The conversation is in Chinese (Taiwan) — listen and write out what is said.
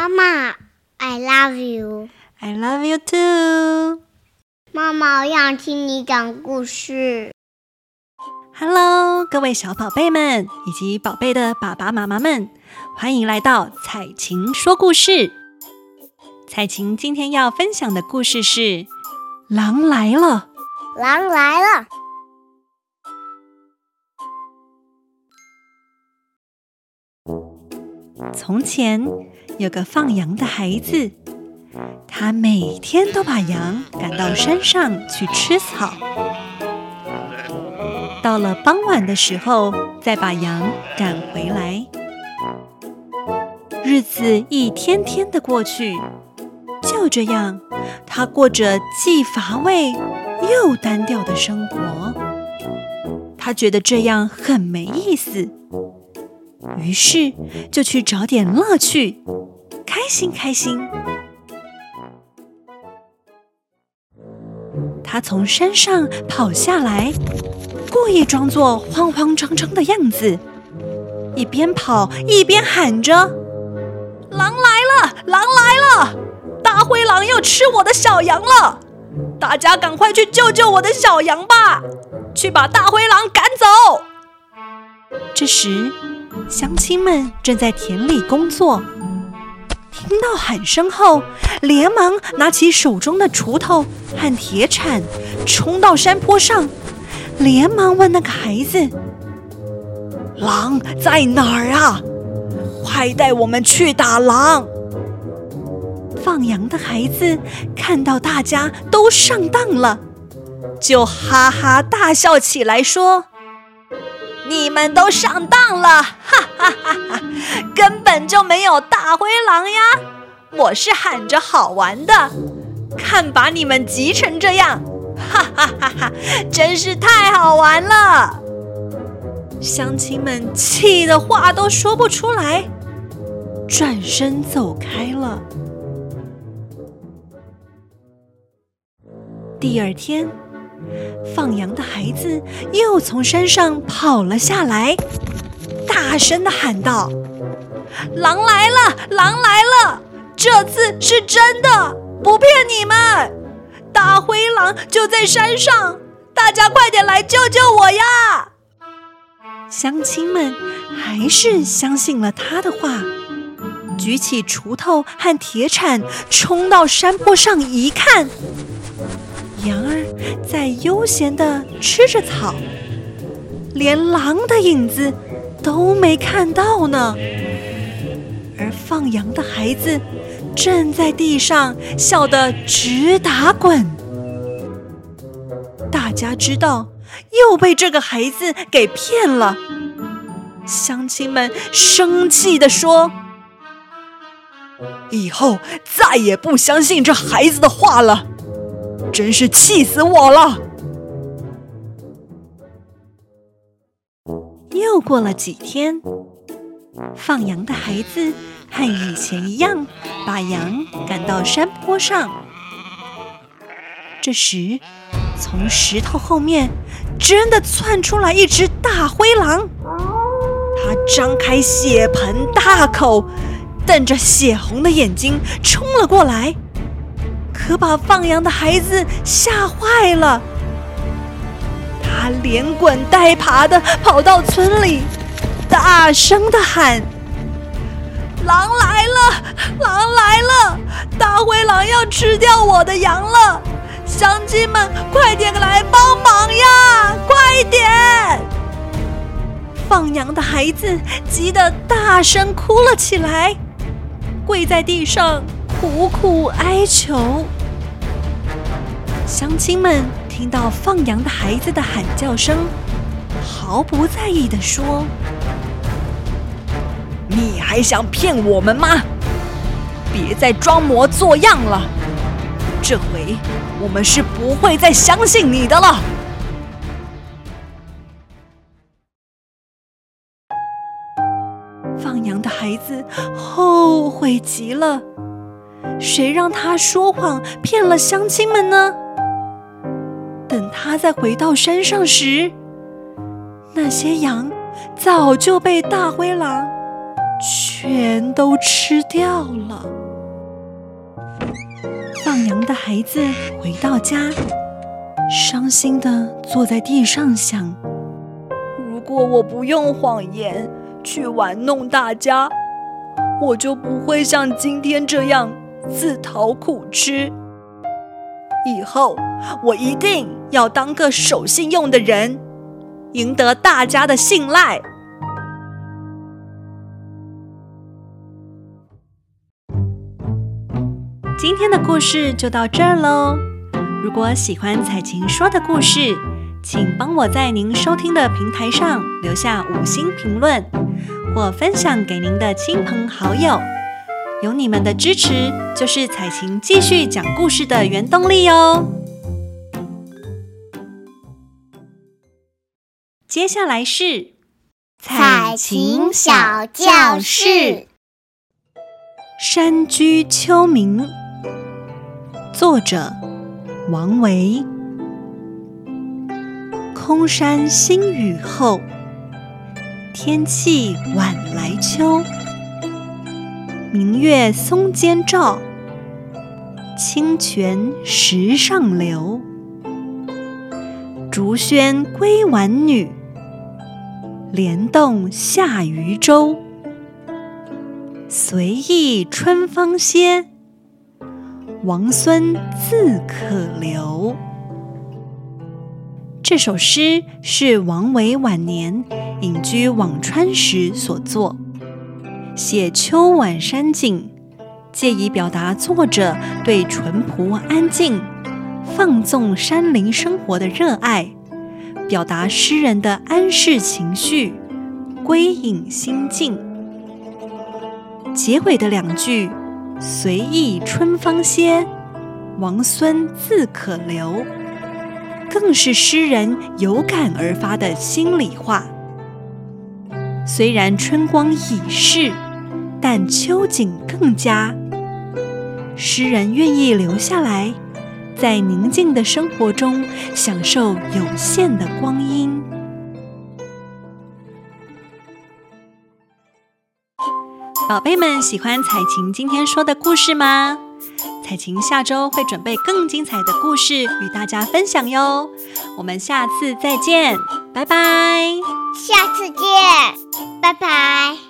媽媽，I love you. I love you too. 媽媽，我想聽你講故事。Hello，各位小寶貝們以及寶貝的爸爸媽媽們，歡迎來到采晴說故事。采晴今天要分享的故事是《狼來了》。狼來了。從前有個放羊的孩子，他每天都把羊趕到山上去吃草，到了傍晚的時候再把羊趕回來。日子一天天的過去，就這樣，他過着既乏味又單調的生活。他覺得這樣很沒意思。於是就去找點樂趣，開心開心。他從山上跑下來，故意裝作慌慌張張的樣子，一邊跑一邊喊着：“狼來了，狼來了！大灰狼要吃我的小羊了！大家趕快去救救我的小羊吧，去把大灰狼趕走。”這時，鄉親們正在田裡工作，聽到喊聲後，連忙拿起手中的鋤頭和鐵鏟，衝到山坡上，連忙問那個孩子：“狼在哪兒啊？快帶我們去打狼！”放羊的孩子看到大家都上當了，就哈哈大笑起來，說。你們都上當了，哈哈哈哈！根本就沒有大灰狼呀，我是喊着好玩的，看把你們急成這樣，哈哈哈哈！真是太好玩了。鄉親們氣的話都說不出來，轉身走開了。第二天。放羊的孩子又從山上跑了下來，大聲地喊道：“狼來了！狼來了！這次是真的，不騙你們！大灰狼就在山上，大家快點來救救我呀！”鄉親們還是相信了他的話，舉起鋤頭和鐵鏟，衝到山坡上一看。羊兒在悠閒地吃着草，連狼的影子都沒看到呢。而放羊的孩子正在地上笑得直打滾。大家知道又被這個孩子給騙了，鄉親們生氣地說：“以後再也不相信這孩子的話了。”真是氣死我了！又過了幾天，放羊的孩子和以前一樣把羊趕到山坡上。這時，從石頭後面真的竄出來一只大灰狼，它張開血盆大口，瞪着血紅的眼睛衝了過來。可把放羊的孩子嚇壞了，他連滾帶爬地跑到村裡，大聲地喊：“狼來了，狼來了！大灰狼要吃掉我的羊了，鄉親們，快點來幫忙呀！快點！”放羊的孩子急得大聲哭了起來，跪在地上苦苦哀求。鄉親們聽到放羊的孩子的喊叫聲，毫不在意地說：“你還想騙我們嗎？別再裝模作樣了，這回我們是不會再相信你的了。”放羊的孩子後悔極了，誰讓他說謊騙了鄉親們呢？他再回到山上時，那些羊早就被大灰狼全都吃掉了。放羊的孩子回到家，傷心地坐在地上想，如果我不用謊言去玩弄大家，我就不會像今天這樣自討苦吃。以後我一定要當個守信用的人，贏得大家的信賴。今天的故事就到這兒嘍。如果喜歡采晴說的故事，請幫我在您收聽的平台上留下五星評論，或分享給您的親朋好友。有你們的支持，就是采晴繼續講故事的原動力喲、哦。接下來是采晴小教室，教室《山居秋暝》作者王維，空山新雨後，天氣晚來秋。明月松間照，清泉石上流。竹喧歸浣女，蓮動下漁舟。隨意春芳歇，王孫自可留。這首詩是王維晚年隱居輞川時所作。寫秋晚山景，借以表達作者對淳樸安靜、放縱山林生活的熱愛，表達詩人的安適情緒、歸隱心境。結尾的兩句“隨意春芳歇，王孫自可留”，更是詩人有感而發的心裡話。雖然春光已逝。但秋景更佳，詩人願意留下來，在寧靜的生活中享受有限的光陰。寶貝們，喜歡采晴今天說的故事嗎？采晴下周會準備更精彩的故事與大家分享喲。我們下次再見，拜拜。下次見，拜拜。